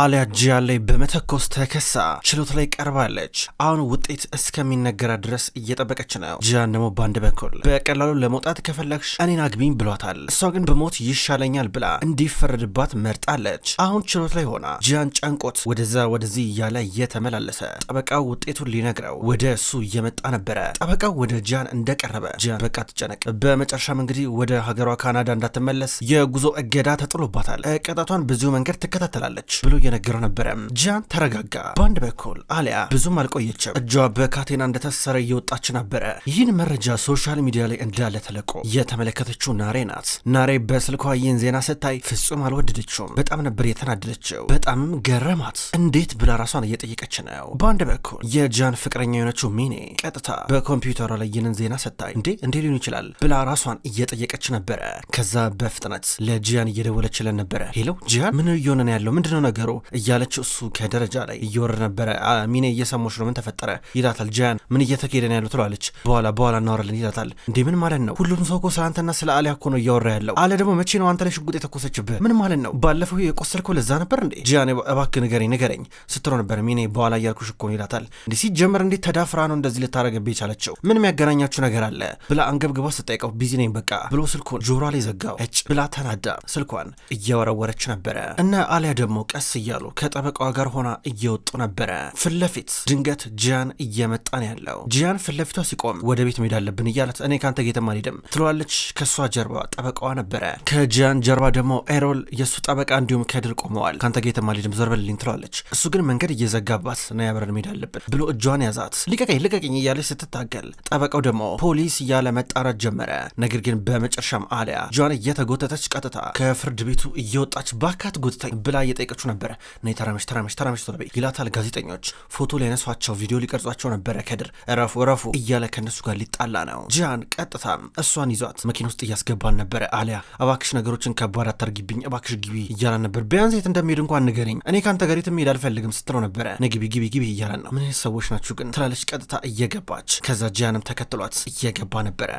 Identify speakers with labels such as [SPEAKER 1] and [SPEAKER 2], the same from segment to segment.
[SPEAKER 1] አሊያ ላይ በመተኮስ ተከሳ ችሎት ላይ ቀርባለች። አሁን ውጤት እስከሚነገራ ድረስ እየጠበቀች ነው። ጂያን ደግሞ በአንድ በኩል በቀላሉ ለመውጣት ከፈለግሽ እኔን አግቢኝ ብሏታል። እሷ ግን በሞት ይሻለኛል ብላ እንዲፈረድባት መርጣለች። አሁን ችሎት ላይ ሆና ጂያን ጨንቆት ወደዛ ወደዚህ እያለ እየተመላለሰ ጠበቃው ውጤቱን ሊነግረው ወደ እሱ እየመጣ ነበረ። ጠበቃው ወደ ጂያን እንደቀረበ ጂያን በቃ ትጨነቅ። በመጨረሻም እንግዲህ ወደ ሀገሯ ካናዳ እንዳትመለስ የጉዞ እገዳ ተጥሎባታል። ቀጣቷን በዚሁ መንገድ ትከታተላለች ብሎ እየነገረው ነበረ። ጃን ተረጋጋ። በአንድ በኩል አሊያ ብዙም አልቆየችም። እጇ በካቴና እንደታሰረ እየወጣች ነበረ። ይህን መረጃ ሶሻል ሚዲያ ላይ እንዳለ ተለቆ የተመለከተችው ናሬ ናት። ናሬ በስልኳ ይህን ዜና ስታይ ፍጹም አልወደደችውም። በጣም ነበር የተናደደችው። በጣምም ገረማት። እንዴት ብላ ራሷን እየጠየቀች ነው። በአንድ በኩል የጃን ፍቅረኛ የሆነችው ሚኔ ቀጥታ በኮምፒውተሯ ላይ ይህንን ዜና ስታይ እንዴ እንዴ ሊሆን ይችላል ብላ ራሷን እየጠየቀች ነበረ። ከዛ በፍጥነት ለጂያን እየደወለችለን ነበረ። ሄለው ጂያን፣ ምን እየሆነ ነው ያለው? ምንድነው ነገሩ? ጀምሮ እያለች እሱ ከደረጃ ላይ እየወረደ ነበረ። ሚኔ እየሰሞች ነው ምን ተፈጠረ ይላታል። ጃያን ምን እየተካሄደ ነው ያለው ትለዋለች። በኋላ በኋላ እናወራለን ይላታል። እንዴ ምን ማለት ነው? ሁሉም ሰው እኮ ስለ አንተና ስለ አሊያ እኮ ነው እያወራ ያለው። አለ ደግሞ መቼ ነው አንተ ላይ ሽጉጥ የተኮሰችብህ? ምን ማለት ነው? ባለፈው የቆሰልከው ለዛ ነበር እንዴ? ጃያን እባክህ ንገረኝ ንገረኝ ስትሮ ነበር ሚኔ። በኋላ እያልኩሽ እኮ ነው ይላታል። እንዴ ሲጀመር እንዴት ተዳፍራ ነው እንደዚህ ልታረገብህ የቻለችው? ምን የሚያገናኛችሁ ነገር አለ ብላ አንገብግባ ስጠይቀው ቢዚ ነኝ በቃ ብሎ ስልኩን ጆሯ ላይ ዘጋው። እጭ ብላ ተናዳ ስልኳን እያወረወረች ነበረ እና አሊያ ደግሞ ቀስ እያሉ ከጠበቃዋ ጋር ሆና እየወጡ ነበረ። ፊት ድንገት ጂያን እየመጣ ነው ያለው። ጂያን ፊት ለፊቷ ሲቆም ወደ ቤት መሄድ አለብን እያላት እኔ ከአንተ ጌታ አልሄድም ትለዋለች። ከእሷ ጀርባ ጠበቃዋ ነበረ። ከጂያን ጀርባ ደግሞ ኤሮል የእሱ ጠበቃ እንዲሁም ከድር ቆመዋል። ከአንተ ጌታ አልሄድም ዞር በልልኝ ትለዋለች። እሱ ግን መንገድ እየዘጋባት ነው ያብረን መሄድ አለብን ብሎ እጇን ያዛት። ልቀቀኝ ልቀቀኝ እያለች ስትታገል ጠበቃው ደግሞ ፖሊስ እያለ መጣራት ጀመረ። ነገር ግን በመጨረሻም አሊያ ጂያን እየተጎተተች ቀጥታ ከፍርድ ቤቱ እየወጣች ባካት ጎትተኝ ብላ እየጠየቀችው ነበር። ነበረ። ነይ ተራመሽ ተራመሽ ተራመሽ ቶሎ በይ ይላታል። ጋዜጠኞች ፎቶ ሊያነሷቸው ቪዲዮ ሊቀርጿቸው ነበረ። ከድር እረፉ እረፉ እያለ ከነሱ ጋር ሊጣላ ነው። ጂያን ቀጥታ እሷን ይዟት መኪና ውስጥ እያስገባን ነበረ። አሊያ እባክሽ ነገሮችን ከባድ አታርጊብኝ፣ እባክሽ ግቢ እያላን ነበር። ቢያንስ የት እንደሚሄድ እንኳን ንገረኝ፣ እኔ ከአንተ ጋር የትም መሄድ አልፈልግም ስትለው ነበረ። ነይ ግቢ ግቢ ግቢ እያላን ነው። ምን ሰዎች ናችሁ ግን ትላለች። ቀጥታ እየገባች ከዛ ጂያንም ተከትሏት እየገባ ነበረ።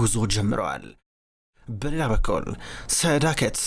[SPEAKER 1] ጉዞ ጀምረዋል። በሌላ በኩል ሰዳከት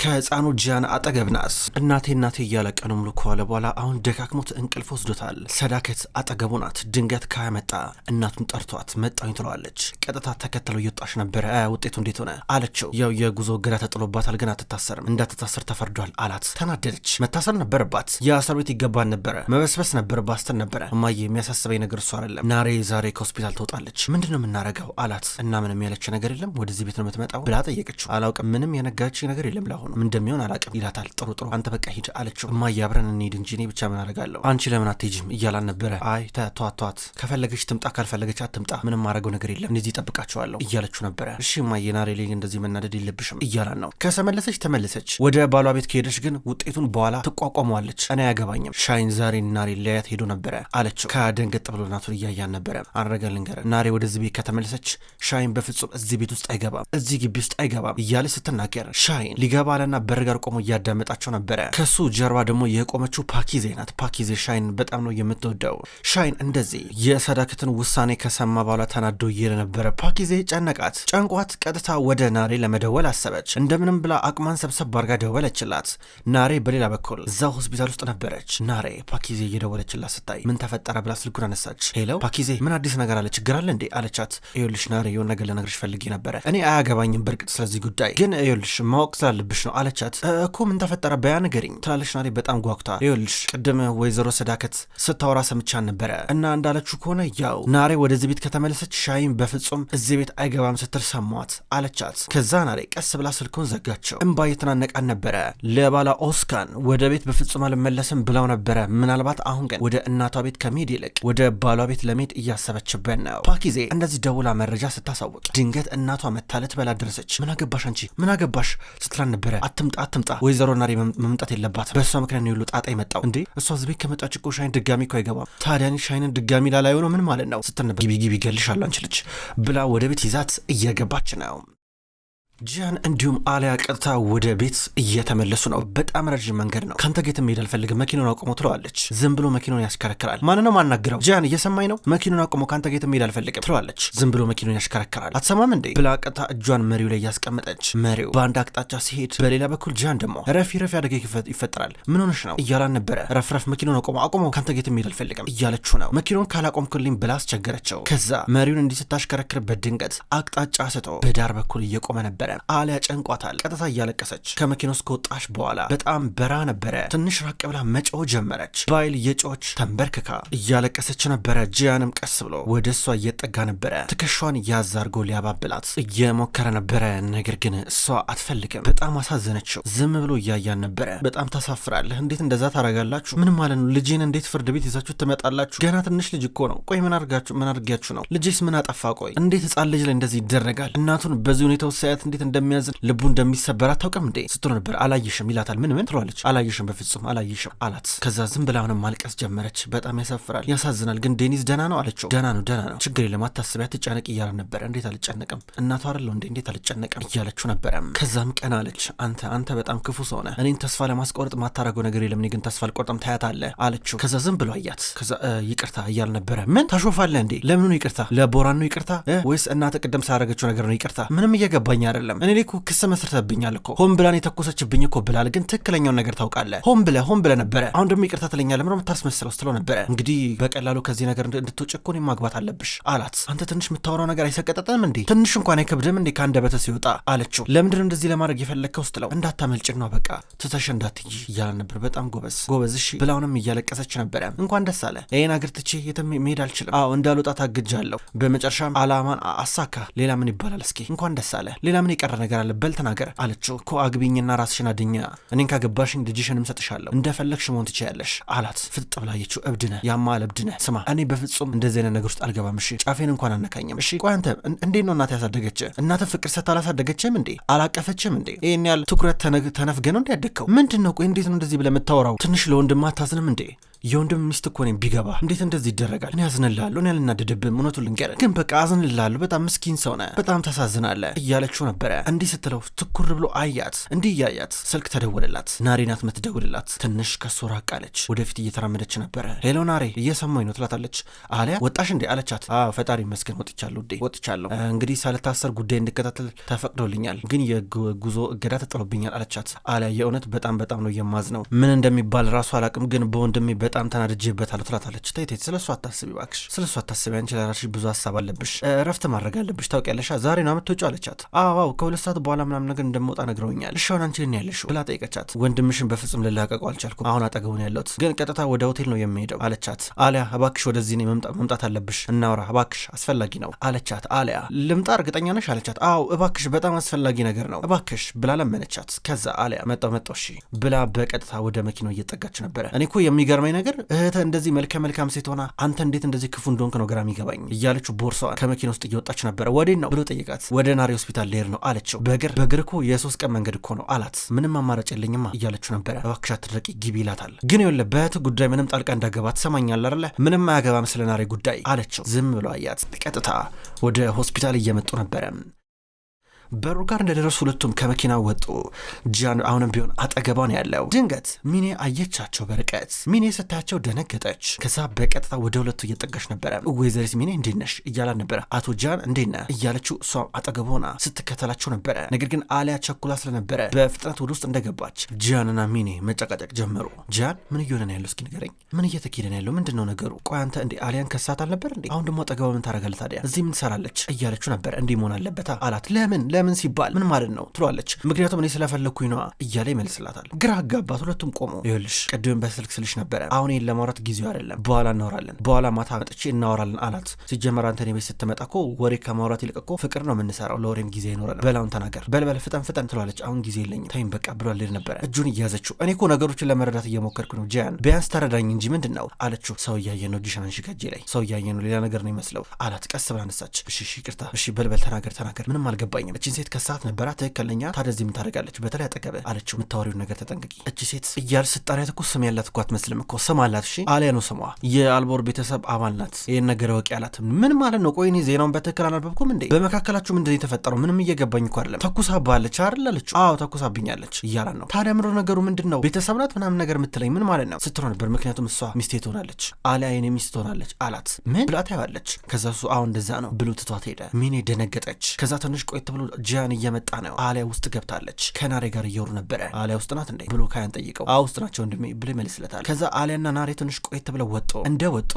[SPEAKER 1] ከህፃኑ ጃን አጠገብ ናት። እናቴ እናቴ እያለ ቀኑን ሙሉ ከዋለ በኋላ አሁን ደካክሞት እንቅልፍ ወስዶታል። ሰዳከት አጠገቡ ናት። ድንገት ካያ መጣ። እናቱን ጠርቷት መጣኝ ትለዋለች። ቀጥታ ተከተለው እየወጣች ነበረ። ውጤቱ እንዴት ሆነ አለችው። ያው የጉዞ እገዳ ተጥሎባታል፣ ግን አትታሰርም፣ እንዳትታሰር ተፈርዷል አላት። ተናደደች። መታሰር ነበረባት፣ የአስር ቤት ይገባን ነበረ፣ መበስበስ ነበረባት ስትል ነበረ። እማዬ የሚያሳስበኝ ነገር እሱ አይደለም፣ ናሬ ዛሬ ከሆስፒታል ትወጣለች። ምንድን ነው የምናረገው አላት። እና ምንም ያለች ነገር የለም፣ ወደዚህ ቤት ነው የምትመጣው ነው ብላ ጠየቀችው። አላውቅም፣ ምንም የነጋችኝ ነገር የለም፣ ለአሁኑ ምን እንደሚሆን አላውቅም ይላታል። ጥሩ ጥሩ፣ አንተ በቃ ሂድ አለችው። እማዬ አብረን እንሂድ እንጂ እኔ ብቻ ምን አደርጋለሁ፣ አንቺ ለምን አትሄጂም እያላን ነበረ። አይ ተዋት ተዋት፣ ከፈለገች ትምጣ፣ ካልፈለገች አትምጣ፣ ምንም ማድረገው ነገር የለም፣ እዚህ ጠብቃቸዋለሁ እያለችው ነበረ። እሺ እማዬ ናሬሌ፣ እንደዚህ መናደድ የለብሽም እያላን ነው። ከሰመለሰች ተመለሰች። ወደ ባሏ ቤት ከሄደች ግን ውጤቱን በኋላ ትቋቋመዋለች። እኔ አያገባኝም፣ ሻይን ዛሬ ናሬ ሊያያት ሄዶ ነበረ አለችው። ከደንገጥ ብሎ ናቱን እያያን ነበረ። አረገ ልንገረ ናሬ ወደዚህ ቤት ከተመለሰች ሻይን በፍጹም እዚህ ቤት ውስጥ አይገባም እዚህ ግቢ ውስጥ አይገባም እያለ ስትናገር ሻይን ሊገባ አለና በር ጋር ቆሞ እያዳመጣቸው ነበረ። ከሱ ጀርባ ደግሞ የቆመችው ፓኪዜ ናት። ፓኪዜ ሻይን በጣም ነው የምትወደው። ሻይን እንደዚህ የሰዳክትን ውሳኔ ከሰማ በኋላ ተናዶ እየለ ነበረ። ፓኪዜ ጨነቃት። ጨንቋት ቀጥታ ወደ ናሬ ለመደወል አሰበች። እንደምንም ብላ አቅማን ሰብሰብ አድርጋ ደወለችላት። ናሬ በሌላ በኩል እዛ ሆስፒታል ውስጥ ነበረች። ናሬ ፓኪዜ እየደወለችላት ስታይ ምን ተፈጠረ ብላ ስልኩን አነሳች። ሄለው ፓኪዜ ምን አዲስ ነገር አለ? ችግር አለ እንዴ አለቻት። ይኸውልሽ ናሬ የሆን ነገር ልነግርሽ ፈልጌ ነበረ እኔ አያገባኝም በእርግጥ ስለዚህ ጉዳይ ግን ይኸውልሽ ማወቅ ስላለብሽ ነው አለቻት። እኮ ምን ተፈጠረ በያ ንገሪኝ ትላለች ናሬ በጣም ጓጉታ። ይኸውልሽ ቅድም ወይዘሮ ሰዳከት ስታወራ ሰምቻን ነበረ እና እንዳለችው ከሆነ ያው ናሬ ወደዚህ ቤት ከተመለሰች ሻይም በፍጹም እዚህ ቤት አይገባም ስትል ሰሟት አለቻት። ከዛ ናሬ ቀስ ብላ ስልኩን ዘጋቸው። እምባ እየተናነቃን ነበረ። ለባላ ኦስካን ወደ ቤት በፍጹም አልመለስም ብለው ነበረ። ምናልባት አሁን ግን ወደ እናቷ ቤት ከመሄድ ይልቅ ወደ ባሏ ቤት ለመሄድ እያሰበችበት ነው። ፓኪዜ እንደዚህ ደውላ መረጃ ስታሳውቅ ድንገት እናቷ መታለት በላ ድረስ ደረሰች። ምን አገባሽ አንቺ ምን አገባሽ ስትላን ነበረ። አትምጣ አትምጣ፣ ወይዘሮ ናሬ መምጣት የለባትም በእሷ ምክንያት ነው ሁሉ ጣጣ የመጣው። እንዴ እሷ ዝቤት ከመጣች እኮ ሻይን ድጋሚ እኮ አይገባም። ታዲያን ሻይንን ድጋሚ ላላዩ ነው ምን ማለት ነው ስትል ነበር። ጊቢ ጊቢ ገልሻለሁ አንቺ ልጅ ብላ ወደ ቤት ይዛት እየገባች ነው። ጂያን እንዲሁም አሊያ ቀጥታ ወደ ቤት እየተመለሱ ነው። በጣም ረዥም መንገድ ነው። ከአንተ ጌት መሄድ አልፈልግም፣ መኪናውን አቁሞ ትለዋለች። ዝም ብሎ መኪናውን ያሽከረክራል። ማን ነው ማናግረው? ጂያን እየሰማኝ ነው፣ መኪናውን አቁሞ ከአንተ ጌት መሄድ አልፈልግም ትለዋለች። ዝም ብሎ መኪናውን ያሽከረክራል። አትሰማም እንዴ ብላ ቀጥታ እጇን መሪው ላይ እያስቀመጠች፣ መሪው በአንድ አቅጣጫ ሲሄድ፣ በሌላ በኩል ጂያን ደግሞ ረፊ ረፊ አደጋ ይፈጠራል፣ ምን ሆነሽ ነው እያላን ነበረ። ረፍረፍ መኪናውን አቁሞ አቁሞ ከአንተ ጌት መሄድ አልፈልግም እያለችው ነው። መኪናን ካላቆምክልኝ ብላ አስቸገረችው። ከዛ መሪውን እንዲህ ድንቀት አቅጣጫ ስቶ በዳር በኩል እየቆመ ነበረ ነበረ። አሊያ ጨንቋታል። ቀጥታ እያለቀሰች ከመኪና ውስጥ ከወጣች በኋላ በጣም በራ ነበረ። ትንሽ ራቅ ብላ መጮህ ጀመረች። ባይል የጮች ተንበርክካ እያለቀሰች ነበረ። ጂያንም ቀስ ብሎ ወደ እሷ እየጠጋ ነበረ። ትከሿን እያዛርጎ ሊያባብላት እየሞከረ ነበረ። ነገር ግን እሷ አትፈልግም። በጣም አሳዘነችው። ዝም ብሎ እያያን ነበረ። በጣም ታሳፍራለህ። እንዴት እንደዛ ታረጋላችሁ? ምን ማለት ነው? ልጄን እንዴት ፍርድ ቤት ይዛችሁ ትመጣላችሁ? ገና ትንሽ ልጅ እኮ ነው። ቆይ ምን አርጋችሁ ምን አርጊያችሁ ነው? ልጄስ ምን አጠፋ? ቆይ እንዴት ህፃን ልጅ ላይ እንደዚህ ይደረጋል? እናቱን በዚህ ሁኔታ ውስጥ ሳያት እንዴት እንደሚያዝን ልቡ እንደሚሰበር አታውቅም እንዴ ስትሎ ነበር። አላየሽም ይላታል። ምን ምን ትሏለች። አላየሽም፣ በፍጹም አላየሽም አላት። ከዛ ዝም ብላ አሁንም ማልቀስ ጀመረች። በጣም ያሳፍራል፣ ያሳዝናል። ግን ዴኒዝ ደና ነው አለችው። ደና ነው፣ ደና ነው፣ ችግር የለም አታስቢያ፣ አትጨነቅ እያለ ነበረ። እንዴት አልጨነቅም እናቷ አለው እንዴ እንዴት አልጨነቅም እያለችው ነበረ። ከዛም ቀና አለች። አንተ አንተ በጣም ክፉ ሰው ነህ። እኔን ተስፋ ለማስቆረጥ ማታረገው ነገር የለም። እኔ ግን ተስፋ አልቆርጥም፣ አለ አለችው። ከዛ ዝም ብሎ አያት። ከዛ ይቅርታ እያለ ነበረ። ምን ታሾፋለህ እንዴ? ለምኑ ይቅርታ? ለቦራን ነው ይቅርታ ወይስ እናተ ቅደም ሳያረገችው ነገር ነው ይቅርታ? ምንም እየገባኝ አይደለም አይደለም። እኔ እኮ ክስ መስርተብኛል እኮ ሆን ብላን የተኮሰችብኝ እኮ ብላል። ግን ትክክለኛውን ነገር ታውቃለ ሆን ብለ ሆን ብለ ነበረ። አሁን ደግሞ ይቅርታ ትለኛለህ ምናምን መስለው ስትለው ነበረ። እንግዲህ በቀላሉ ከዚህ ነገር እንድትወጪ እኮ እኔም ማግባት አለብሽ አላት። አንተ ትንሽ የምታወራው ነገር አይሰቀጠጥም እንዴ? ትንሽ እንኳን አይከብድም እንዴ? ከአንደበተ ሲወጣ አለችው። ለምንድን እንደዚህ ለማድረግ የፈለግከው ስትለው እንዳታመልጭ ነው በቃ ትተሽ እንዳትይ እያለ ነበር። በጣም ጎበዝ ጎበዝ። እሺ ብላውንም እያለቀሰች ነበረ። እንኳን ደስ አለ። ይህን አገር ትቼ የትም መሄድ አልችልም። አዎ እንዳልወጣ ታግጃለሁ። በመጨረሻም አላማን አሳካ። ሌላ ምን ይባላል? እስኪ እንኳን ደስ አለ። ሌላ ምን ምን የቀረ ነገር አለ? በል ተናገር አለችው። እኮ አግቢኝና ራስሽን አድኛ፣ እኔን ካገባሽኝ ልጅሽንም እሰጥሻለሁ፣ እንደፈለግሽ መሆን ትችያለሽ አላት። ፍጥጥ ብላ አየችው። እብድነ ያማል እብድነ። ስማ እኔ በፍጹም እንደዚህ አይነት ነገር ውስጥ አልገባም። እሺ ጫፌን እንኳን አነካኝም። እሺ ቆይ አንተ እንዴት ነው እናት ያሳደገች? እናተ ፍቅር ሰታ አላሳደገችም እንዴ? አላቀፈችም እንዴ? ይህን ያህል ትኩረት ተነፍገ ነው እንዲያደግከው ምንድን ነው? ቆይ እንዴት ነው እንደዚህ ብለህ የምታወራው? ትንሽ ለወንድማ አታዝንም እንዴ? የወንድም ሚስት እኮ ነኝ። ቢገባ እንዴት እንደዚህ ይደረጋል? እኔ አዝንልሃለሁ። እኔ አልናደድብህም። እውነቱ ልንገርህ ግን በቃ አዝንልሃለሁ። በጣም ምስኪን ሰው ነህ፣ በጣም ታሳዝናለህ እያለችው ነበረ። እንዲህ ስትለው ትኩር ብሎ አያት። እንዲህ እያያት ስልክ ተደወለላት። ናሬ ናት የምትደውልላት። ትንሽ ከሱ ራቅ ወደፊት እየተራመደች ነበረ። ሄሎ ናሬ፣ እየሰማኝ ነው ትላታለች። አሊያ ወጣሽ እንዴ አለቻት። ፈጣሪ ይመስገን ወጥቻለሁ ውዴ፣ ወጥቻለሁ። እንግዲህ ሳልታሰር ጉዳይ እንድከታተል ተፈቅዶልኛል፣ ግን የጉዞ እገዳ ተጥሎብኛል አለቻት። አሊያ የእውነት በጣም በጣም ነው የማዝ ነው ምን እንደሚባል ራሱ አላቅም፣ ግን በወንድሜ በጣም ተናድጄበታለሁ ትላታለች። ተይ ተይ፣ ስለሱ አታስቢ እባክሽ፣ ስለሱ አታስቢ። አንቺ ለራስሽ ብዙ ሀሳብ አለብሽ፣ እረፍት ማድረግ አለብሽ። ታውቂያለሽ፣ ዛሬ ነው የምትወጪው አለቻት። አዎ ከሁለት ሰዓት በኋላ ምናምን ነገር እንደምወጣ ነግረውኛል። እሺ አሁን አንቺ ግን ያለሽው ብላ ጠይቀቻት። ወንድምሽን በፍጹም ልላቀቁ አልቻልኩም። አሁን አጠገቡ ነው ያለሁት፣ ግን ቀጥታ ወደ ሆቴል ነው የሚሄደው አለቻት። አሊያ እባክሽ ወደዚህ ነው መምጣት አለብሽ፣ እናውራ እባክሽ፣ አስፈላጊ ነው አለቻት። አሊያ ልምጣ እርግጠኛ ነሽ አለቻት። አዎ እባክሽ፣ በጣም አስፈላጊ ነገር ነው እባክሽ ብላ ለመነቻት። ከዛ አሊያ መጣው መጣው እሺ ብላ በቀጥታ ወደ መኪናው እየጠጋች ነበረ። እኔ እኮ የሚገርመኝ ነገር እህተ እንደዚህ መልከ መልካም ሴት ሆና አንተ እንዴት እንደዚህ ክፉ እንደሆንክ ነው ግራ የሚገባኝ እያለችው ቦርሳዋን ከመኪና ውስጥ እየወጣች ነበረ። ወዴት ነው ብሎ ጠየቃት። ወደ ናሪ ሆስፒታል ልሄድ ነው አለችው። በእግር በእግር እኮ የሶስት ቀን መንገድ እኮ ነው አላት። ምንም አማራጭ የለኝማ እያለችው ነበረ። እባክሽ አትድረቂ ግቢ ይላታል። ግን የለ በእህትህ ጉዳይ ምንም ጣልቃ እንዳገባ ትሰማኛለህ ምንም አያገባም ስለ ናሬ ጉዳይ አለችው። ዝም ብሎ አያት። ቀጥታ ወደ ሆስፒታል እየመጡ ነበረ። በሩ ጋር እንደደረሱ ሁለቱም ከመኪና ወጡ። ጂያን አሁንም ቢሆን አጠገቧ ነው ያለው። ድንገት ሚኔ አየቻቸው በርቀት። ሚኔ ስታያቸው ደነገጠች። ከዛ በቀጥታ ወደ ሁለቱ እየጠጋች ነበረ። ወይዘሪት ሚኔ እንዴት ነሽ እያላን ነበረ። አቶ ጂያን እንዴት ነህ እያለችው እሷም አጠገቧና ስትከተላቸው ነበረ። ነገር ግን አሊያ ቸኩላ ስለነበረ በፍጥነት ወደ ውስጥ እንደገባች ጂያንና ሚኔ መጨቃጨቅ ጀመሩ። ጂያን ምን እየሆነ ነው ያለው? እስኪ ንገረኝ፣ ምን እየተካሄደ ነው ያለው? ምንድን ነው ነገሩ? ቆይ አንተ እንዴ አሊያን ከሳት አልነበር እንዴ? አሁን ደግሞ አጠገቧ ምን ታደርጋለህ ታዲያ? እዚህ ምን ትሰራለች እያለችው ነበረ። እንዲህ መሆን አለበታ አላት። ለምን ለምን ለምን ሲባል ምን ማለት ነው ትሏለች። ምክንያቱም እኔ ስለፈለግኩኝ ነዋ እያለ ይመልስላታል። ግራ አጋባት። ሁለቱም ቆሞ ይኸውልሽ ቅድም በስልክ ስልሽ ነበረ፣ አሁን ይህን ለማውራት ጊዜው አይደለም፣ በኋላ እናወራለን፣ በኋላ ማታ መጥቼ እናወራለን አላት። ሲጀመር አንተ እኔ ቤት ስትመጣ እኮ ወሬ ከማውራት ይልቅ እኮ ፍቅር ነው የምንሰራው፣ ለወሬም ጊዜ ይኖረን። በላውን ተናገር፣ በልበል፣ ፍጠን ፍጠን ትሏለች። አሁን ጊዜ የለኝ ታይም በቃ ብሎ ነበረ እጁን እያዘችው። እኔ እኮ ነገሮችን ለመረዳት እየሞከርኩ ነው ጃያን፣ ቢያንስ ተረዳኝ እንጂ ምንድን ነው አለችው። ሰው እያየ ነው እጅሽን አንሺ ከጄ ላይ ሰው እያየ ነው ሌላ ነገር ነው ይመስለው አላት። ቀስ ብላ አነሳች። እሺ ይቅርታ፣ እሺ በልበል፣ ተናገር ተናገር፣ ምንም አልገባኝም። እቺ እችን ሴት ከሳት ነበራ ትክክለኛ። ታደዚህ ምን ታደርጋለች? በተለይ አጠገበ አለችው። የምታወሪውን ነገር ተጠንቅቂ። እቺ ሴት እያል ስጣሪያት እኮ ስም ያላት እኮ አትመስልም እኮ ስም አላት። እሺ አሊያ ነው ስሟ። የአልቦር ቤተሰብ አባል ናት። ይህን ነገር ወቂ አላት። ምን ማለት ነው? ቆይ እኔ ዜናውን በትክክል አላልበብኩም እንዴ? በመካከላችሁ ምንድን የተፈጠረው? ምንም እየገባኝ እኮ አይደለም። ተኩሳባለች አይደል አለችው። አዎ ተኩሳብኛለች እያላት ነው። ታዲያ ምሮ ነገሩ? ምንድን ነው ቤተሰብ ናት ምናምን ነገር የምትለኝ ምን ማለት ነው ስትለው ነበር። ምክንያቱም እሷ ሚስቴ ትሆናለች፣ አሊያ የኔ ሚስት ትሆናለች አላት። ምን ብላ ታየዋለች። ከዛ እሱ አዎ እንደዛ ነው ብሎ ትቷት ሄደ። ሚኔ ደነገጠች። ከዛ ትንሽ ቆይት ብሎ ጂያን እየመጣ ነው። አሊያ ውስጥ ገብታለች። ከናሬ ጋር እየወሩ ነበረ። አሊያ ውስጥ ናት እንዴ ብሎ ካያን ጠይቀው አ ውስጥ ናቸው ወንድሜ ብሎ ይመልስለታል። ከዛ አሊያና ናሬ ትንሽ ቆየት ብለው ወጡ። እንደ ወጡ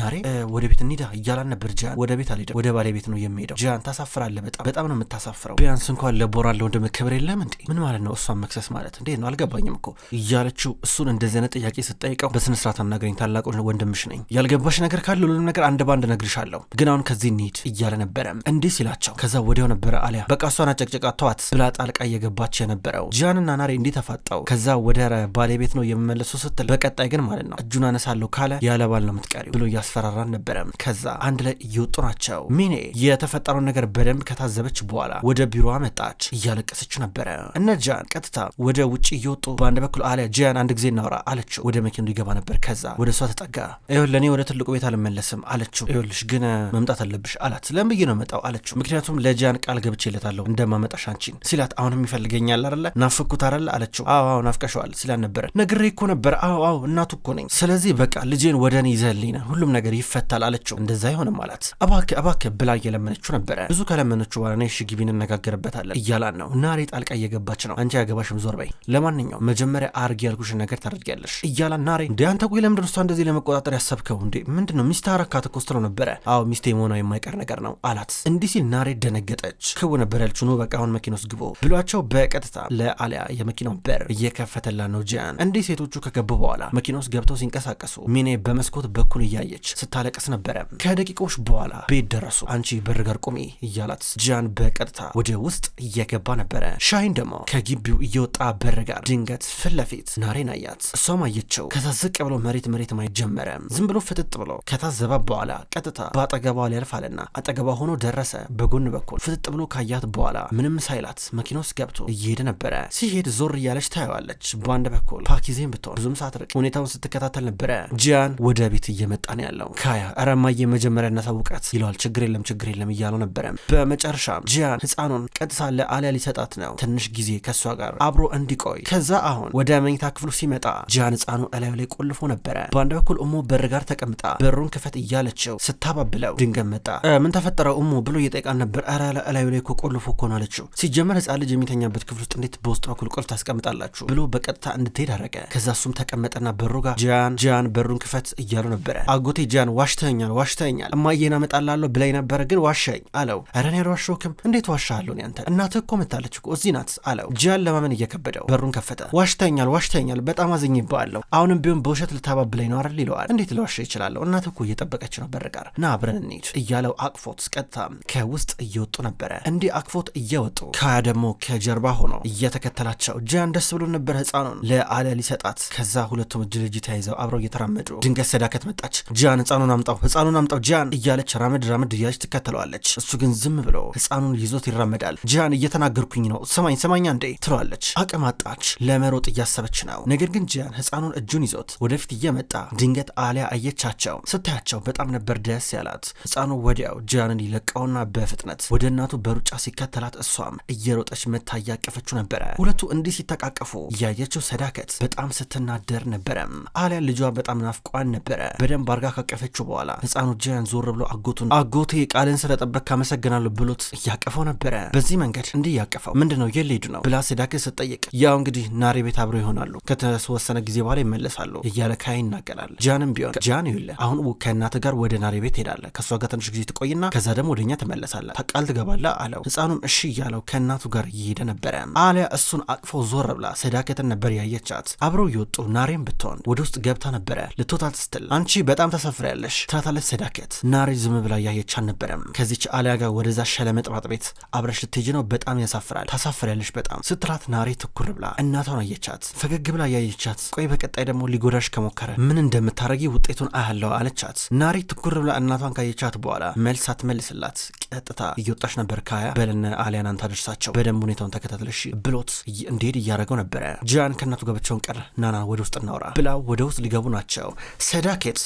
[SPEAKER 1] ናሬ ወደ ቤት እንሂዳ እያላን ነበር። ጂያን ወደ ቤት አልሄድም ወደ ባሌ ቤት ነው የሚሄደው። ጂያን ታሳፍራለ፣ በጣም በጣም ነው የምታሳፍረው። ቢያንስ እንኳን ለቦራ ለወንድም ክብር የለም እንዴ ምን ማለት ነው? እሷን መክሰስ ማለት እንዴ ነው አልገባኝም እኮ እያለችው እሱን እንደዚህ አይነት ጥያቄ ስትጠይቀው በስነስርዓት አናገረኝ ታላቁ ወንድምሽ ነኝ ያልገባሽ ነገር ካለ ሁሉንም ነገር አንድ ባንድ ነግርሻለሁ፣ ግን አሁን ከዚህ እንሂድ እያለ ነበረ እንዲህ ሲላቸው ከዛ ወዲያው ነበረ አሊያ በቃ እሷን አጨቅጨቃ ተዋት ብላ ጣልቃ እየገባች የነበረው ጂያንና ናሬ እንዲተፋጠው ከዛ ወደ ባሌ ቤት ነው የምመለሱ ስትል በቀጣይ ግን ማለት ነው እጁን አነሳለሁ ካለ ያለባል ነው የምትቀሪው ብሎ እያስፈራራን ነበረ። ከዛ አንድ ላይ እየወጡ ናቸው። ሚኔ የተፈጠረውን ነገር በደንብ ከታዘበች በኋላ ወደ ቢሮ መጣች። እያለቀሰች ነበረ። እነ ጃን ቀጥታ ወደ ውጭ እየወጡ በአንድ በኩል አሊያ ጃን አንድ ጊዜ እናውራ አለችው። ወደ መኪኑ ሊገባ ነበር። ከዛ ወደ እሷ ተጠጋ። ይኸውልህ እኔ ወደ ትልቁ ቤት አልመለስም አለችው። ይኸውልሽ ግን መምጣት አለብሽ አላት። ለምን ብዬ ነው መጣው አለችው። ምክንያቱም ለጃን ቃል ገብቼ እፈልግበታለሁ እንደማመጣሽ አንቺን ሲላት፣ አሁንም ይፈልገኛል አለ ናፍኩት አለ አለችው። አዎ አዎ ናፍቀሸዋል ስላልነበረ ነግሬ እኮ ነበር። አዎ አዎ እናቱ እኮ ነኝ። ስለዚህ በቃ ልጄን ወደ እኔ ይዘህልኝ ነው ሁሉም ነገር ይፈታል አለችው። እንደዛ አይሆንም አላት። እባክህ እባክህ ብላ እየለመነችው ነበረ። ብዙ ከለመነችው በኋላ ነይ እሺ ግቢ እንነጋገርበታለን እያላን ነው። ናሬ ጣልቃ እየገባች ነው። አንቺ ያገባሽም ዞር በይ፣ ለማንኛውም መጀመሪያ አርግ ያልኩሽን ነገር ታደርጊያለሽ እያላን ናሬ እንዴ አንተ ቆይ ለምንድን እሷ እንደዚህ ለመቆጣጠር ያሰብከው እንዴ? ምንድን ነው ሚስት አረካት እኮ ስትለው ነበረ። አዎ ሚስቴ መሆኗ የማይቀር ነገር ነው አላት። እንዲህ ሲል ናሬ ደነገጠች ክቡ በረልችኑ በቃሁን መኪና ውስጥ ግቡ ብሏቸው በቀጥታ ለአሊያ የመኪናውን በር እየከፈተላ ነው ጂያን። እንዲህ ሴቶቹ ከገቡ በኋላ መኪና ውስጥ ገብተው ሲንቀሳቀሱ ሚኔ በመስኮት በኩል እያየች ስታለቀስ ነበረ። ከደቂቃዎች በኋላ ቤት ደረሱ። አንቺ በር ጋር ቁሚ እያላት ጂያን በቀጥታ ወደ ውስጥ እየገባ ነበረ። ሻይን ደግሞ ከግቢው እየወጣ በር ጋር ድንገት ፊት ለፊት ናሬን አያት። እሷም አየችው። ከዛ ዝቅ ብሎ መሬት መሬት ማየት ጀመረ። ዝም ብሎ ፍጥጥ ብሎ ከታዘባ በኋላ ቀጥታ በአጠገቧ ሊያልፋልና አጠገቧ ሆኖ ደረሰ። በጎን በኩል ፍጥጥ ብሎ ካያት ከሰዓት በኋላ ምንም ሳይላት መኪና ውስጥ ገብቶ እየሄደ ነበረ። ሲሄድ ዞር እያለች ታየዋለች። በአንድ በኩል ፓኪዜን ብትሆን ብዙም ሳትርቅ ሁኔታውን ስትከታተል ነበረ። ጂያን ወደ ቤት እየመጣ ነው ያለው። ካያ ረማዬ መጀመሪያ እናሳውቃት ይለዋል። ችግር የለም ችግር የለም እያለው ነበረ። በመጨረሻም ጂያን ህፃኑን ቀጥታ ለአሊያ ሊሰጣት ነው። ትንሽ ጊዜ ከእሷ ጋር አብሮ እንዲቆይ ከዛ አሁን ወደ መኝታ ክፍሉ ሲመጣ ጂያን ህፃኑ እላዩ ላይ ቆልፎ ነበረ። በአንድ በኩል እሞ በር ጋር ተቀምጣ በሩን ክፈት እያለችው ስታባብለው ድንገት መጣ። ምን ተፈጠረው እሞ ብሎ እየጠየቃን ነበር። ኧረ እላዩ ላይ እኮ ቆልፎ እኮ ነው አለችው። ሲጀመር ህፃን ልጅ የሚተኛበት ክፍል ውስጥ እንዴት በውስጥ በኩል ቆልፍ ታስቀምጣላችሁ ብሎ በቀጥታ እንድትሄድ አረገ። ከዛ እሱም ተቀመጠና በሩ ጋር ጂያን ጂያን በሩን ክፈት እያሉ ነበረ። አጎቴ ጂያን ዋሽተኛል ዋሽተኛል እማዬን አመጣላለሁ ብላኝ ነበረ ግን ዋሻኝ አለው። ኧረ እኔ አልዋሸሁህም። እንዴት ዋሻለሁ ያንተ እናትህ እኮ መታለች እኮ እዚህ ናት አለው። ጂያን ለማመን እየከበደው በሩን ከፈተ። ዋሽተኛል ዋሽተኛል በጣም አዝኜብሃለሁ። አሁንም ቢሆን በውሸት ልታባብለኝ ነው አይደል ይለዋል። እንዴት ልዋሻ ይችላለሁ? እናትህ እኮ እየጠበቀች ነው በር ጋር ና አብረን እንሂድ እያለው አቅፎት ቀጥታ ከውስጥ እየወጡ ነበረ እንዲህ አቅፎት እየወጡ ካያ ደግሞ ከጀርባ ሆኖ እየተከተላቸው ጂያን ደስ ብሎ ነበር ህፃኑን ለአለ ሊሰጣት። ከዛ ሁለቱም እጅ ልጅ ተያይዘው አብረው እየተራመዱ ድንገት ሰዳከት መጣች። ጂያን ህፃኑን አምጣው፣ ህፃኑን አምጣው ጂያን እያለች ራመድ ራመድ እያለች ትከተለዋለች። እሱ ግን ዝም ብሎ ህፃኑን ይዞት ይራመዳል። ጂያን እየተናገርኩኝ ነው ሰማኝ ሰማኛ እንዴ ትለዋለች። አቅም አጣች፣ ለመሮጥ እያሰበች ነው። ነገር ግን ጂያን ህፃኑን እጁን ይዞት ወደፊት እየመጣ ድንገት አሊያ አየቻቸው። ስታያቸው በጣም ነበር ደስ ያላት። ህፃኑ ወዲያው ጂያንን ይለቀውና በፍጥነት ወደ እናቱ በሩጫ ሲ ሲከተላት እሷም እየሮጠች መታ እያቀፈችው ነበረ። ሁለቱ እንዲህ ሲተቃቀፉ እያየችው ሰዳከት በጣም ስትናደር ነበረም። አሊያ ልጇ በጣም ናፍቋን ነበረ። በደንብ አርጋ ካቀፈችው በኋላ ህፃኑ ጃን ዞር ብሎ አጎቱን አጎቴ ቃልን ስለጠበቅ ካመሰግናለሁ ብሎት እያቀፈው ነበረ። በዚህ መንገድ እንዲህ ያቀፈው ምንድን ነው የሌዱ ነው ብላ ሰዳከት ስትጠይቅ ያው እንግዲህ ናሬ ቤት አብረው ይሆናሉ ከተወሰነ ጊዜ በኋላ ይመለሳሉ እያለ ካያ ይናገራል። ጃንም ቢሆን ጃን ይለ አሁን ከእናት ጋር ወደ ናሬ ቤት ሄዳለ ከእሷ ጋር ትንሽ ጊዜ ትቆይና ከዛ ደግሞ ወደኛ ትመለሳለ ተቃል ትገባለ አለው። ህፃኑም እሺ እያለው ከእናቱ ጋር እየሄደ ነበረ። አሊያ እሱን አቅፎ ዞር ብላ ሰዳከትን ነበር ያየቻት። አብረው እየወጡ ናሬም ብትሆን ወደ ውስጥ ገብታ ነበረ። ልትወጣት ስትል አንቺ በጣም ተሰፍሬያለሽ ትላታለች ሰዳከት። ናሬ ዝም ብላ ያየች አልነበረም። ከዚች አሊያ ጋር ወደዛ ሸለመጥማጥ ቤት አብረሽ ልትሄጂ ነው፣ በጣም ያሳፍራል፣ ታሳፍሪያለሽ በጣም ስትላት ናሬ ትኩር ብላ እናቷን አየቻት። ፈገግ ብላ ያየቻት፣ ቆይ በቀጣይ ደግሞ ሊጎዳሽ ከሞከረ ምን እንደምታረጊ ውጤቱን አያለው አለቻት። ናሬ ትኩር ብላ እናቷን ካየቻት በኋላ መልስ አትመልስላት፣ ቀጥታ እየወጣች ነበር ካያ በልነ አሊያን አንተ አደርሳቸው በደንብ ሁኔታውን ተከታተለሽ ብሎት እንዲሄድ እያደረገው ነበረ። ጃን ከእናቱ ገበቸውን ቀር ናና ወደ ውስጥ እናውራ ብላው ወደ ውስጥ ሊገቡ ናቸው። ሰዳኬት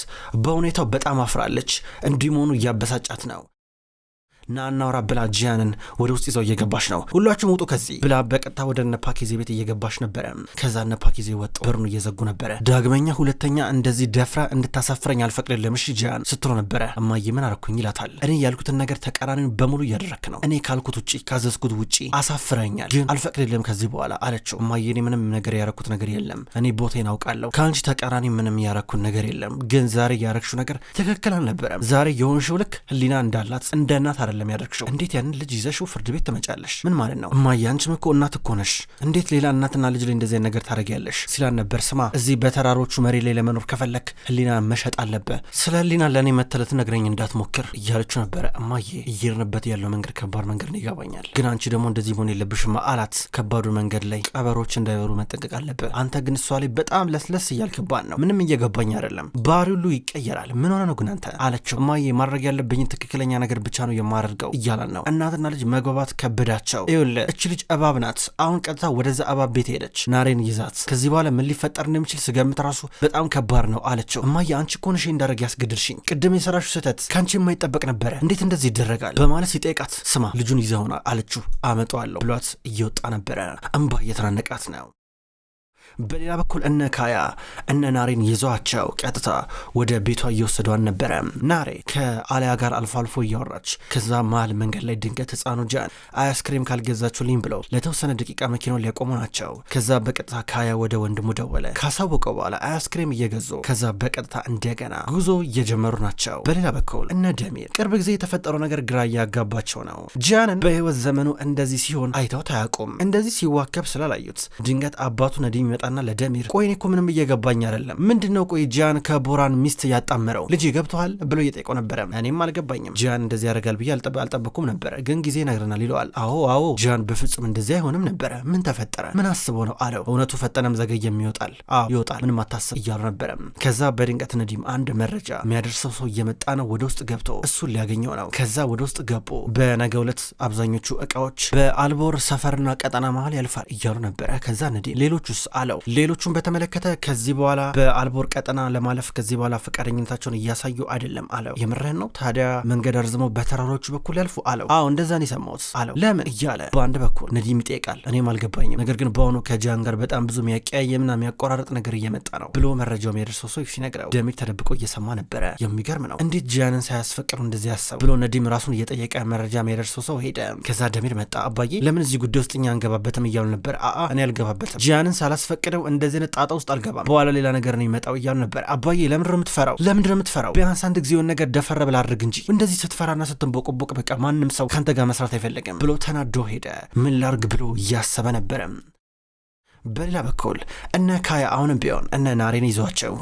[SPEAKER 1] በሁኔታው በጣም አፍራለች። እንዲህ መሆኑ እያበሳጫት ነው። ና እናውራ ብላ ጂያንን ወደ ውስጥ ይዘው እየገባች ነው። ሁላችሁም ውጡ ከዚህ ብላ በቀጥታ ወደ ነፓኪዜ ቤት እየገባች ነበረ። ከዛ ነፓኪዜ ወጡ፣ በሩን እየዘጉ ነበረ። ዳግመኛ ሁለተኛ እንደዚህ ደፍራ እንድታሳፍረኝ አልፈቅድልም እሺ ጂያን ስትሎ ነበረ። እማዬ ምን አረኩኝ ይላታል። እኔ ያልኩትን ነገር ተቃራኒውን በሙሉ እያደረክ ነው። እኔ ካልኩት ውጪ ካዘዝኩት ውጪ አሳፍረኛል፣ ግን አልፈቅድልም ከዚህ በኋላ አለችው። እማዬ እኔ ምንም ነገር ያረኩት ነገር የለም። እኔ ቦቴን አውቃለሁ። ከአንቺ ተቃራኒ ምንም ያረኩት ነገር የለም። ግን ዛሬ ያረግሽው ነገር ትክክል አልነበረም። ዛሬ የሆንሽው ልክ ህሊና እንዳላት እንደ እናት አለ አይደለም ያደርግሽው። እንዴት ያንን ልጅ ይዘሽው ፍርድ ቤት ትመጫለሽ? ምን ማለት ነው? እማዬ አንቺም እኮ እናት እኮ ነሽ። እንዴት ሌላ እናትና ልጅ ላይ እንደዚህ ነገር ታደርጊያለሽ? ሲላን ነበር። ስማ፣ እዚህ በተራሮቹ መሬት ላይ ለመኖር ከፈለክ ህሊና መሸጥ አለብህ። ስለ ህሊና ለእኔ መተለት ነግረኝ እንዳትሞክር እያለችው ነበረ። እማዬ እየርንበት ያለው መንገድ ከባድ መንገድ ነው፣ ይገባኛል። ግን አንቺ ደግሞ እንደዚህ መሆን የለብሽም አላት። ከባዱ መንገድ ላይ ቀበሮች እንዳይበሩ መጠንቀቅ አለብህ። አንተ ግን እሷ ላይ በጣም ለስለስ እያልክባን ነው። ምንም እየገባኝ አይደለም። ባህሪ ሁሉ ይቀየራል። ምን ሆነ ነው ግን አንተ አለችው። እማዬ ማድረግ ያለብኝ ትክክለኛ ነገር ብቻ ነው የማረ አድርገው እያለን ነው። እናትና ልጅ መግባባት ከብዳቸው ይውል እች ልጅ እባብ ናት። አሁን ቀጥታ ወደዛ እባብ ቤት ሄደች። ናሬን ይዛት ከዚህ በኋላ ምን ሊፈጠር እንደሚችል ስገምት ራሱ በጣም ከባድ ነው አለችው። እማዬ አንቺ እኮ ነሽ እንዳደረግ ያስገድርሽኝ። ቅድም የሰራሹ ስህተት ከአንቺ የማይጠበቅ ነበረ። እንዴት እንደዚህ ይደረጋል? በማለት ሲጠይቃት ስማ ልጁን ይዘውና አለችው። አመጣዋለሁ ብሏት እየወጣ ነበረ። እምባ እየተናነቃት ነው። በሌላ በኩል እነ ካያ እነ ናሬን ይዟቸው ቀጥታ ወደ ቤቷ እየወሰዷን ነበረ። ናሬ ከአሊያ ጋር አልፎ አልፎ እያወራች ከዛ መሀል መንገድ ላይ ድንገት ህፃኑ ጃን ካልገዛችው ካልገዛችሁልኝ ብለው ለተወሰነ ደቂቃ መኪኖ ሊያቆሙ ናቸው። ከዛ በቀጥታ ካያ ወደ ወንድሙ ደወለ። ካሳወቀው በኋላ አይስክሬም እየገዙ ከዛ በቀጥታ እንደገና ጉዞ እየጀመሩ ናቸው። በሌላ በኩል እነ ደሚር ቅርብ ጊዜ የተፈጠረው ነገር ግራ እያጋባቸው ነው። ጃንን በህይወት ዘመኑ እንደዚህ ሲሆን አይተውት አያውቁም። እንደዚህ ሲዋከብ ስላላዩት ድንገት አባቱ ነዲም ይመጣና ለደሚር ቆይ እኔ እኮ ምንም እየገባኝ አይደለም፣ ምንድን ነው ቆይ ጂያን ከቦራን ሚስት ያጣመረው ልጅ ገብተዋል ብሎ እየጠየቀው ነበረ። እኔም አልገባኝም ጂያን እንደዚህ ያደርጋል ብዬ አልጠበኩም ነበረ፣ ግን ጊዜ ይነግረናል ይለዋል። አዎ አዎ ጂያን በፍጹም እንደዚህ አይሆንም ነበረ። ምን ተፈጠረ? ምን አስቦ ነው አለው። እውነቱ ፈጠነም ዘገየም ይወጣል። አዎ ይወጣል፣ ምንም አታስብ እያሉ ነበረ። ከዛ በድንገት ነዲም አንድ መረጃ የሚያደርሰው ሰው እየመጣ ነው፣ ወደ ውስጥ ገብቶ እሱን ሊያገኘው ነው። ከዛ ወደ ውስጥ ገቡ። በነገ ዕለት አብዛኞቹ እቃዎች በአልቦር ሰፈርና ቀጠና መሀል ያልፋል እያሉ ነበረ። ከዛ ነዲም ሌሎቹስ አለው። ሌሎቹን በተመለከተ ከዚህ በኋላ በአልቦር ቀጠና ለማለፍ ከዚህ በኋላ ፈቃደኝነታቸውን እያሳዩ አይደለም አለው። የምርህን ነው ታዲያ መንገድ አርዝመው በተራሮቹ በኩል ያልፉ አለው። አዎ እንደዛን የሰማሁት አለው። ለምን እያለ በአንድ በኩል ነዲም ይጠይቃል። እኔም አልገባኝም፣ ነገር ግን በአሁኑ ከጃን ጋር በጣም ብዙ የሚያቀያየምና የሚያቆራረጥ ነገር እየመጣ ነው ብሎ መረጃው የሚያደርሰው ሰው ሲነግረው ደሚር ተደብቆ እየሰማ ነበረ። የሚገርም ነው እንዴት ጃንን ሳያስፈቅዱ እንደዚህ ያሰቡ ብሎ ነዲም ራሱን እየጠየቀ መረጃ የሚያደርሰው ሰው ሄደ። ከዛ ደሚር መጣ። አባዬ ለምን እዚህ ጉዳይ ውስጥ እኛ አንገባበትም እያሉ ነበር። አአ እኔ አልገባበትም ጃንን ሳላስፈ ሳልፈቅደው እንደዚህ ዓይነት ጣጣ ውስጥ አልገባም፣ በኋላ ሌላ ነገር ነው ይመጣው እያሉ ነበር። አባዬ ለምንድን ነው የምትፈራው? ለምንድን ነው የምትፈራው? ቢያንስ አንድ ጊዜ የሆነ ነገር ደፈረ ብላ አድርግ እንጂ እንደዚህ ስትፈራና ስትንቦቆቦቅ በቃ ማንም ሰው ከአንተ ጋር መስራት አይፈለግም ብሎ ተናዶ ሄደ። ምን ላርግ ብሎ እያሰበ ነበረም። በሌላ በኩል እነ ካያ አሁንም ቢሆን እነ ናሬን ይዟቸው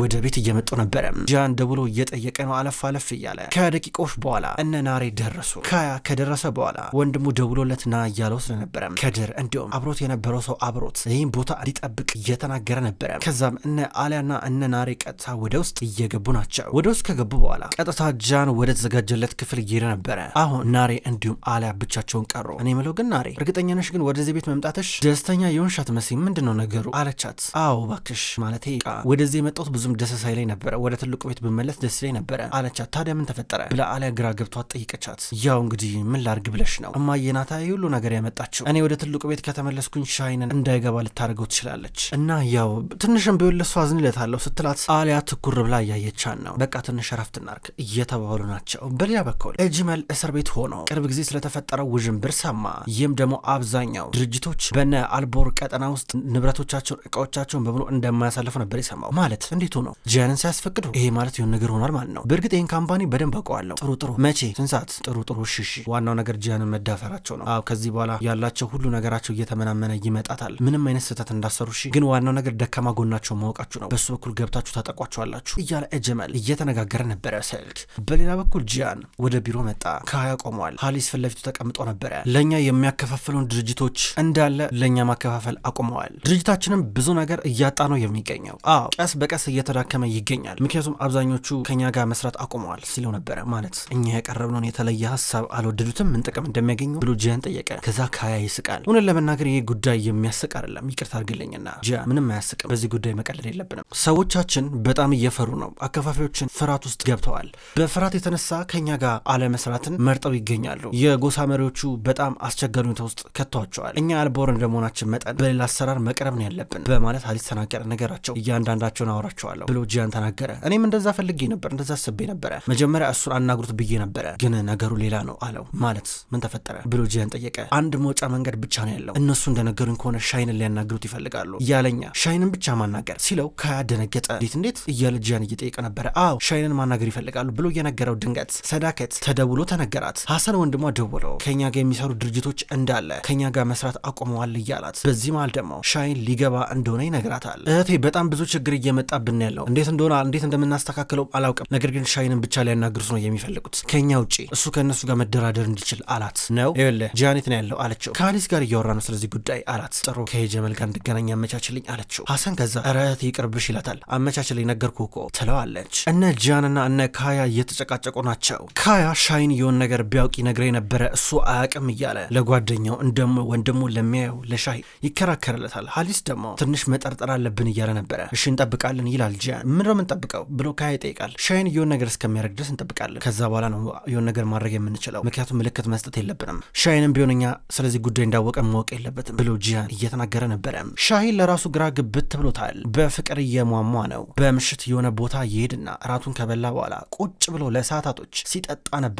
[SPEAKER 1] ወደ ቤት እየመጡ ነበረ። ጃን ደውሎ እየጠየቀ ነው አለፍ አለፍ እያለ። ከደቂቆች በኋላ እነ ናሬ ደረሱ። ካያ ከደረሰ በኋላ ወንድሙ ደውሎለት ና እያለው ስለነበረ ከድር እንዲሁም አብሮት የነበረው ሰው አብሮት ይህም ቦታ እንዲጠብቅ እየተናገረ ነበረ። ከዛም እነ አሊያና እነ ናሬ ቀጥታ ወደ ውስጥ እየገቡ ናቸው። ወደ ውስጥ ከገቡ በኋላ ቀጥታ ጃን ወደ ተዘጋጀለት ክፍል እየሄደ ነበረ። አሁን ናሬ እንዲሁም አሊያ ብቻቸውን ቀሩ። እኔ ምለው ግን ናሬ፣ እርግጠኛ ነሽ ግን ወደዚህ ቤት መምጣትሽ ደስተኛ የሆንሻት መስ ሀሲም ምንድን ነው ነገሩ አለቻት። አዎ ባክሽ ማለቴ ወደዚህ የመጣሁት ብዙም ደስ ሳይለኝ ነበረ፣ ወደ ትልቁ ቤት ብመለስ ደስ ይለኝ ነበረ አለቻት። ታዲያ ምን ተፈጠረ ብላ አሊያ ግራ ገብቷት ጠይቀቻት። ያው እንግዲህ ምን ላርግ ብለሽ ነው እማዬ ናታ ሁሉ ነገር ያመጣችው። እኔ ወደ ትልቁ ቤት ከተመለስኩኝ ሻይንን እንዳይገባ ልታደርገው ትችላለች እና ያው ትንሽም ቢሆን ለሱ አዝንለታለሁ ስትላት አሊያ ትኩር ብላ እያየቻን ነው። በቃ ትንሽ ረፍት እናርግ እየተባሉ ናቸው። በሌላ በኩል እጅመል እስር ቤት ሆኖ ቅርብ ጊዜ ስለተፈጠረው ውዥንብር ሰማ። ይህም ደግሞ አብዛኛው ድርጅቶች በነ አልቦር ቀጠና ውስጥ ንብረቶቻቸውን እቃዎቻቸውን በሙሉ እንደማያሳልፉ ነበር የሰማው። ማለት እንዴቱ ነው ጂያንን ሲያስፈቅዱ ይሄ ማለት የሆነ ነገር ሆኗል ማለት ነው። በእርግጥ ይህን ካምፓኒ በደንብ አውቀዋለሁ። ጥሩ ጥሩ መቼ ስንሳት? ጥሩ ጥሩ ሽሽ። ዋናው ነገር ጂያንን መዳፈራቸው ነው። አዎ ከዚህ በኋላ ያላቸው ሁሉ ነገራቸው እየተመናመነ ይመጣታል። ምንም አይነት ስህተት እንዳሰሩ ሺ፣ ግን ዋናው ነገር ደካማ ጎናቸው ማወቃችሁ ነው። በሱ በኩል ገብታችሁ ታጠቋቸዋላችሁ እያለ እጀመል እየተነጋገረ ነበረ ስልክ። በሌላ በኩል ጂያን ወደ ቢሮ መጣ። ከሀያ ቆሟል። ሀሊስ ፊት ለፊቱ ተቀምጦ ነበረ። ለእኛ የሚያከፋፍሉን ድርጅቶች እንዳለ ለእኛ ማከፋፈል አቆመ ቆመዋል። ድርጅታችንም ብዙ ነገር እያጣ ነው የሚገኘው። አዎ ቀስ በቀስ እየተዳከመ ይገኛል። ምክንያቱም አብዛኞቹ ከኛ ጋር መስራት አቁመዋል ሲለው ነበረ። ማለት እኛ የቀረብነውን የተለየ ሀሳብ አልወደዱትም። ምን ጥቅም እንደሚያገኙ ብሎ ጃን ጠየቀ። ከዛ ካያ ይስቃል። እውነት ለመናገር ይህ ጉዳይ የሚያስቅ አይደለም። ይቅርታ አድርግልኝና ጃ፣ ምንም አያስቅም። በዚህ ጉዳይ መቀለድ የለብንም። ሰዎቻችን በጣም እየፈሩ ነው። አከፋፊዎችን ፍርሃት ውስጥ ገብተዋል። በፍርሃት የተነሳ ከኛ ጋር አለመስራትን መርጠው ይገኛሉ። የጎሳ መሪዎቹ በጣም አስቸጋሪ ሁኔታ ውስጥ ከተዋቸዋል። እኛ አልቦር እንደመሆናችን መጠን በሌላ አሰራር መቅረብ ነው ያለብን በማለት ሀዲስ ተናገረ። ነገራቸው እያንዳንዳቸውን አወራቸዋለሁ ብሎ ጂያን ተናገረ። እኔም እንደዛ ፈልጌ ነበር፣ እንደዛ አስቤ ነበረ። መጀመሪያ እሱን አናግሩት ብዬ ነበረ፣ ግን ነገሩ ሌላ ነው አለው። ማለት ምን ተፈጠረ ብሎ ጂያን ጠየቀ። አንድ መውጫ መንገድ ብቻ ነው ያለው። እነሱ እንደነገሩኝ ከሆነ ሻይንን ሊያናግሩት ይፈልጋሉ እያለኛ ሻይንን ብቻ ማናገር ሲለው ካያ ደነገጠ። እንዴት እንዴት እያለ ጂያን እየጠየቀ ነበረ። አዎ ሻይንን ማናገር ይፈልጋሉ ብሎ እየነገረው ድንገት ሰዳከት ተደውሎ ተነገራት። ሀሰን ወንድሟ ደውለው ከእኛ ጋር የሚሰሩ ድርጅቶች እንዳለ ከእኛ ጋር መስራት አቁመዋል እያላት በዚህ መሃል የሚያስገማው ሻይን ሊገባ እንደሆነ ይነግራታል። እህቴ በጣም ብዙ ችግር እየመጣብን ያለው እንዴት እንደሆነ እንዴት እንደምናስተካክለው አላውቅም፣ ነገር ግን ሻይንን ብቻ ሊያናግሩት ነው የሚፈልጉት ከኛ ውጪ እሱ ከእነሱ ጋር መደራደር እንዲችል አላት። ነው ይለ ጃኔት ነው ያለው አለችው። ከአሊስ ጋር እያወራ ነው ስለዚህ ጉዳይ አላት። ጥሩ ከጀመል ጋር እንድገናኝ አመቻችልኝ አለችው። ሀሰን ከዛ ኧረ ይቅርብሽ ይላታል። አመቻችልኝ ነገርኩህ እኮ ትለዋለች። እነ ጃንና እነ ካያ እየተጨቃጨቁ ናቸው። ካያ ሻይን የሆን ነገር ቢያውቅ ነግረ ነበረ እሱ አያቅም እያለ ለጓደኛው እንደሞ ወንድሙ ለሚያየው ለሻይ ይከራከራል። ይመሰክርለታል። ሀሊስ ደግሞ ትንሽ መጠርጠር አለብን እያለ ነበረ። እሺ እንጠብቃለን ይላል ጂያን። ምን ነው የምንጠብቀው ብሎ ካያ ይጠይቃል። ሻይን የሆን ነገር እስከሚያደርግ ድረስ እንጠብቃለን። ከዛ በኋላ ነው የሆን ነገር ማድረግ የምንችለው፣ ምክንያቱም ምልክት መስጠት የለብንም። ሻይንም ቢሆን እኛ ስለዚህ ጉዳይ እንዳወቀ ማወቅ የለበትም ብሎ ጂያን እየተናገረ ነበረ። ሻይን ለራሱ ግራ ግብት ብሎታል። በፍቅር እየሟሟ ነው። በምሽት የሆነ ቦታ ይሄድና እራቱን ከበላ በኋላ ቁጭ ብሎ ለሰዓታቶች ሲጠጣ ነበረ።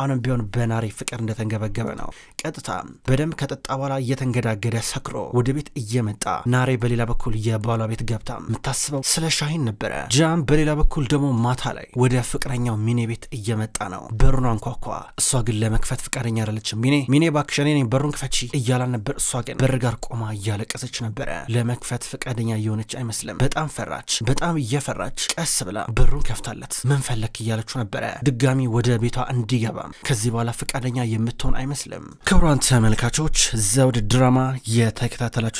[SPEAKER 1] አሁንም ቢሆን በናሬ ፍቅር እንደተንገበገበ ነው። ቀጥታ በደንብ ከጠጣ በኋላ እየተንገዳገደ ሰክሮ ወደ ቤት እየመጣ ናሬ በሌላ በኩል የባሏ ቤት ገብታ የምታስበው ስለ ሻሂን ነበረ። ጃም በሌላ በኩል ደግሞ ማታ ላይ ወደ ፍቅረኛው ሚኔ ቤት እየመጣ ነው። በሩን አንኳኳ። እሷ ግን ለመክፈት ፍቃደኛ አይደለችም። ሚኔ ሚኔ እባክሽ እኔ በሩን ክፈቺ እያላን ነበር። እሷ ግን በር ጋር ቆማ እያለቀሰች ነበረ። ለመክፈት ፍቃደኛ እየሆነች አይመስልም። በጣም ፈራች። በጣም እየፈራች ቀስ ብላ በሩን ከፍታለት ምን ፈለክ እያለችው ነበረ። ድጋሚ ወደ ቤቷ እንዲገባም ከዚህ በኋላ ፍቃደኛ የምትሆን አይመስልም። ክቡራን ተመልካቾች ዘውድ ድራማ የተከታተላችሁ